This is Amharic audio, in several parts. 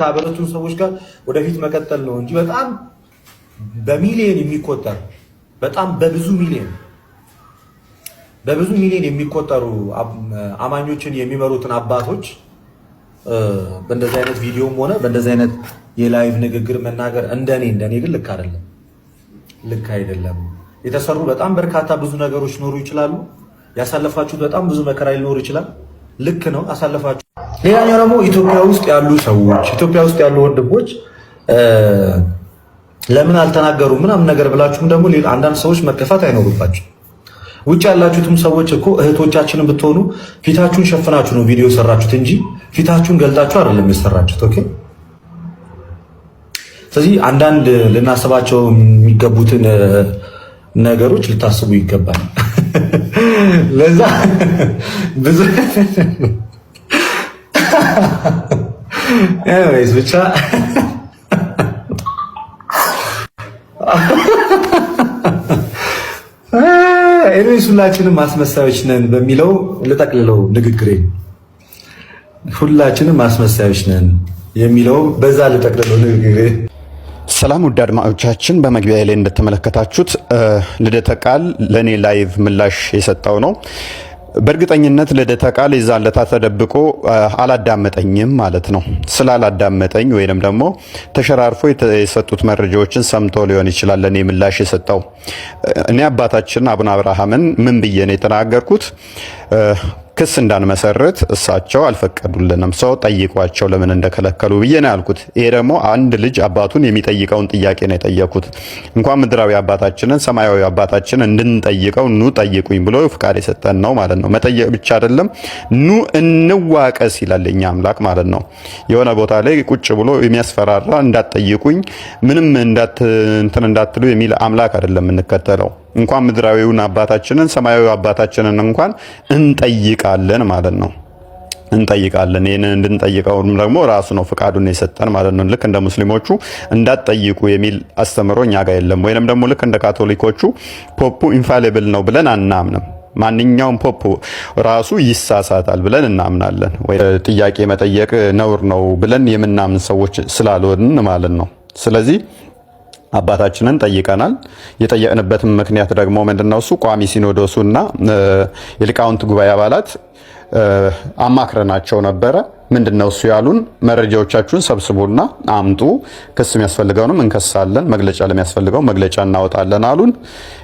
ካበረቱን ሰዎች ጋር ወደፊት መቀጠል ነው እንጂ በጣም በሚሊዮን የሚቆጠር በጣም በብዙ ሚሊዮን በብዙ ሚሊዮን የሚቆጠሩ አማኞችን የሚመሩትን አባቶች በእንደዚህ አይነት ቪዲዮም ሆነ በእንደዚህ አይነት የላይቭ ንግግር መናገር እንደኔ እንደኔ ግን ልክ አይደለም፣ ልክ አይደለም። የተሰሩ በጣም በርካታ ብዙ ነገሮች ሊኖሩ ይችላሉ። ያሳለፋችሁት በጣም ብዙ መከራ ሊኖር ይችላል። ልክ ነው አሳለፋችሁ ሌላኛው ደግሞ ኢትዮጵያ ውስጥ ያሉ ሰዎች ኢትዮጵያ ውስጥ ያሉ ወንድሞች ለምን አልተናገሩም ምናምን ነገር ብላችሁም ደግሞ አንዳንድ ሰዎች መከፋት አይኖሩባችሁ። ውጭ ያላችሁትም ሰዎች እኮ እህቶቻችንን ብትሆኑ ፊታችሁን ሸፍናችሁ ነው ቪዲዮ የሰራችሁት እንጂ ፊታችሁን ገልጣችሁ አይደለም የሰራችሁት። ኦኬ። ስለዚህ አንዳንድ ልናስባቸው የሚገቡትን ነገሮች ልታስቡ ይገባል። ለዛ ብዙ ወይስ ብቻ ኤኒዌይስ ሁላችንም ማስመሳዮች ነን በሚለው ልጠቅልለው ንግግሬ። ሁላችንም ማስመሳዮች ነን የሚለው በዛ ልጠቅልለው ንግግሬ። ሰላም ውድ አድማጮቻችን፣ በመግቢያ ላይ እንደተመለከታችሁት ልደተ ቃል ለእኔ ላይቭ ምላሽ የሰጠው ነው። በእርግጠኝነት ልደተ ቃል የዛለታ ተደብቆ አላዳመጠኝም ማለት ነው። ስላላዳመጠኝ ወይንም ደግሞ ተሸራርፎ የሰጡት መረጃዎችን ሰምቶ ሊሆን ይችላል ለእኔ ምላሽ የሰጠው። እኔ አባታችን አቡነ አብርሃምን ምን ብዬ ነው የተናገርኩት? ክስ እንዳንመሰርት እሳቸው አልፈቀዱልንም። ሰው ጠይቋቸው ለምን እንደከለከሉ ብዬ ነው ያልኩት። ይሄ ደግሞ አንድ ልጅ አባቱን የሚጠይቀውን ጥያቄ ነው የጠየኩት። እንኳን ምድራዊ አባታችንን ሰማያዊ አባታችንን እንድንጠይቀው ኑ ጠይቁኝ ብሎ ፍቃድ የሰጠን ነው ማለት ነው። መጠየቅ ብቻ አይደለም፣ ኑ እንዋቀስ ይላል የኛ አምላክ ማለት ነው። የሆነ ቦታ ላይ ቁጭ ብሎ የሚያስፈራራ እንዳትጠይቁኝ፣ ምንም እንትን እንዳትሉ የሚል አምላክ አይደለም የምንከተለው እንኳን ምድራዊውን አባታችንን ሰማያዊ አባታችንን እንኳን እንጠይቃለን ማለት ነው እንጠይቃለን ይህንን እንድንጠይቀውም ደግሞ ራሱ ነው ፍቃዱን የሰጠን ማለት ነው። ልክ እንደ ሙስሊሞቹ እንዳትጠይቁ የሚል አስተምሮ እኛ ጋር የለም። ወይንም ደግሞ ልክ እንደ ካቶሊኮቹ ፖፑ ኢንፋሌብል ነው ብለን አናምንም። ማንኛውም ፖፕ ራሱ ይሳሳታል ብለን እናምናለን። ወይ ጥያቄ መጠየቅ ነውር ነው ብለን የምናምን ሰዎች ስላልሆንን ማለት ነው። ስለዚህ አባታችንን ጠይቀናል። የጠየቅንበትም ምክንያት ደግሞ ምንድነው? እሱ ቋሚ ሲኖዶሱ እና የሊቃውንት ጉባኤ አባላት አማክረናቸው ነበረ። ምንድን ነው እሱ ያሉን መረጃዎቻችሁን ሰብስቡና አምጡ። ክስ የሚያስፈልገውንም እንከሳለን፣ መግለጫ ለሚያስፈልገው መግለጫ እናወጣለን አሉን።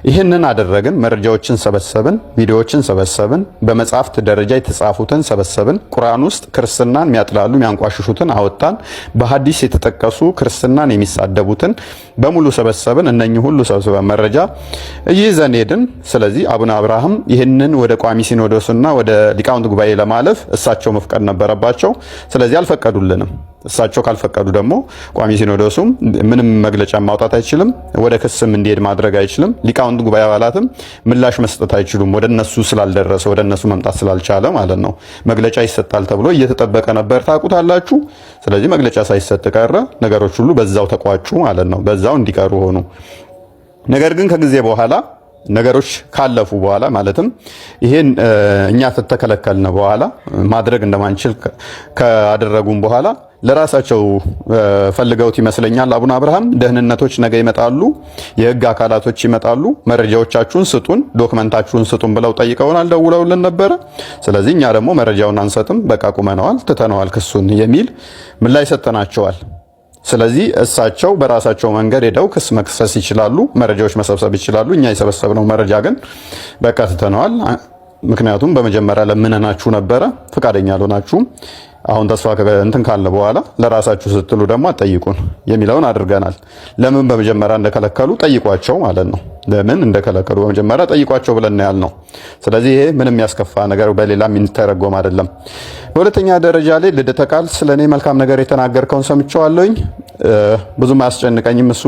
ይህንን አደረግን። መረጃዎችን ሰበሰብን፣ ቪዲዮዎችን ሰበሰብን፣ በመጽሐፍት ደረጃ የተጻፉትን ሰበሰብን። ቁርአን ውስጥ ክርስትናን የሚያጥላሉ የሚያንቋሽሹትን አወጣን። በሀዲስ የተጠቀሱ ክርስትናን የሚሳደቡትን በሙሉ ሰበሰብን። እነኚህ ሁሉ ሰብስበን መረጃ ይዘን ሄድን። ስለዚህ አቡነ አብርሃም ይህንን ወደ ቋሚ ሲኖዶስና ወደ ሊቃውንት ጉባኤ ለማለፍ እሳቸው መፍቀድ ነበረባቸው። ስለዚህ አልፈቀዱልንም። እሳቸው ካልፈቀዱ ደግሞ ቋሚ ሲኖዶሱም ምንም መግለጫ ማውጣት አይችልም። ወደ ክስም እንዲሄድ ማድረግ አይችልም። ሊቃውንት ጉባኤ አባላትም ምላሽ መስጠት አይችሉም። ወደ እነሱ ስላልደረሰ ወደ እነሱ መምጣት ስላልቻለ ማለት ነው። መግለጫ ይሰጣል ተብሎ እየተጠበቀ ነበር፣ ታውቁታላችሁ። ስለዚህ መግለጫ ሳይሰጥ ቀረ። ነገሮች ሁሉ በዛው ተቋጩ ማለት ነው። በዛው እንዲቀሩ ሆኑ። ነገር ግን ከጊዜ በኋላ ነገሮች ካለፉ በኋላ ማለትም ይሄን እኛ ተተከለከልን በኋላ ማድረግ እንደማንችል ካደረጉም በኋላ ለራሳቸው ፈልገውት ይመስለኛል። አቡነ አብርሃም ደህንነቶች ነገ ይመጣሉ፣ የህግ አካላቶች ይመጣሉ፣ መረጃዎቻችሁን ስጡን፣ ዶክመንታችሁን ስጡን ብለው ጠይቀውናል፣ ደውለውልን ነበረ። ስለዚህ እኛ ደግሞ መረጃውን አንሰጥም፣ በቃ ቁመነዋል፣ ትተነዋል ክሱን የሚል ምላሽ ሰጥተናቸዋል። ስለዚህ እሳቸው በራሳቸው መንገድ ሄደው ክስ መክሰስ ይችላሉ፣ መረጃዎች መሰብሰብ ይችላሉ። እኛ የሰበሰብነው መረጃ ግን በቃ ትተነዋል። ምክንያቱም በመጀመሪያ ለምነናችሁ ነበረ፣ ፈቃደኛ አልሆናችሁም። አሁን ተስፋ እንትን ካለ በኋላ ለራሳችሁ ስትሉ ደግሞ አጠይቁን የሚለውን አድርገናል። ለምን በመጀመሪያ እንደከለከሉ ጠይቋቸው ማለት ነው። ለምን እንደከለከሉ በመጀመሪያ ጠይቋቸው ብለን ነው። ስለዚህ ይሄ ምንም የሚያስከፋ ነገር በሌላ የሚተረጎም አይደለም። በሁለተኛ ደረጃ ላይ ልደተ ቃል ስለ እኔ መልካም ነገር የተናገርከውን ሰምቼዋለሁኝ። ብዙም አያስጨንቀኝም እሱ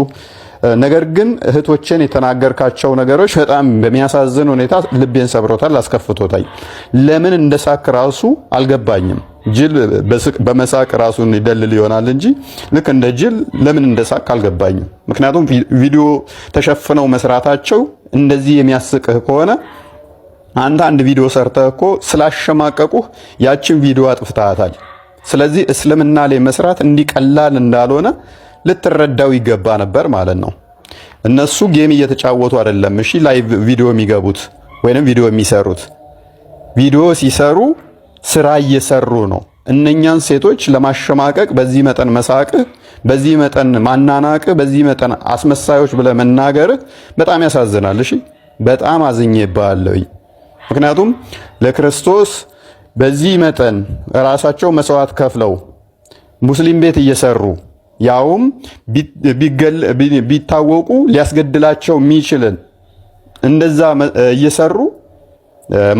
ነገር ግን እህቶቼን የተናገርካቸው ነገሮች በጣም በሚያሳዝን ሁኔታ ልቤን ሰብሮታል፣ አስከፍቶታል። ለምን እንደሳክ ራሱ አልገባኝም። ጅል በመሳቅ ራሱን ይደልል ይሆናል እንጂ ልክ እንደ ጅል ለምን እንደሳቅ አልገባኝም። ምክንያቱም ቪዲዮ ተሸፍነው መስራታቸው እንደዚህ የሚያስቅህ ከሆነ አንተ አንድ ቪዲዮ ሰርተህ እኮ ስላሸማቀቁህ ያችን ቪዲዮ አጥፍታታል ስለዚህ እስልምና ላይ መስራት እንዲቀላል እንዳልሆነ ልትረዳው ይገባ ነበር ማለት ነው። እነሱ ጌም እየተጫወቱ አይደለም። እሺ ላይቭ ቪዲዮ የሚገቡት ወይንም ቪዲዮ የሚሰሩት ቪዲዮ ሲሰሩ ስራ እየሰሩ ነው። እነኛን ሴቶች ለማሸማቀቅ በዚህ መጠን መሳቅህ፣ በዚህ መጠን ማናናቅህ፣ በዚህ መጠን አስመሳዮች ብለህ መናገርህ በጣም ያሳዝናል። እሺ በጣም አዝኜብሃለሁ። ምክንያቱም ለክርስቶስ በዚህ መጠን ራሳቸው መስዋዕት ከፍለው ሙስሊም ቤት እየሰሩ ያውም ቢታወቁ ሊያስገድላቸው የሚችልን እንደዛ እየሰሩ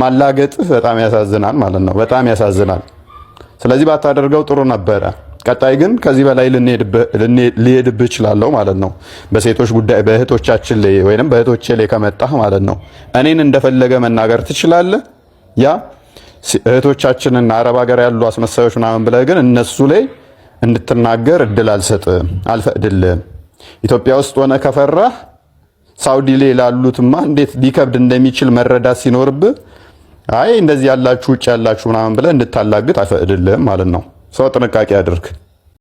ማላገጥ በጣም ያሳዝናል ማለት ነው። በጣም ያሳዝናል። ስለዚህ ባታደርገው ጥሩ ነበረ። ቀጣይ ግን ከዚህ በላይ ልንሄድብህ እችላለሁ ማለት ነው። በሴቶች ጉዳይ በእህቶቻችን ላይ ወይም በእህቶቼ ላይ ከመጣህ ማለት ነው እኔን እንደፈለገ መናገር ትችላለህ። ያ እህቶቻችንና አረብ ሀገር ያሉ አስመሳዮች ምናምን ብለህ ግን እነሱ ላይ እንድትናገር እድል አልሰጥም፣ አልፈቅድልም። ኢትዮጵያ ውስጥ ሆነ ከፈራህ ሳውዲ ላይ ላሉትማ እንዴት ሊከብድ እንደሚችል መረዳት ሲኖርብ አይ እንደዚህ ያላችሁ ውጭ ያላችሁ ምናምን ብለህ እንድታላግጥ አይፈቅድልህም ማለት ነው። ሰው ጥንቃቄ አድርግ።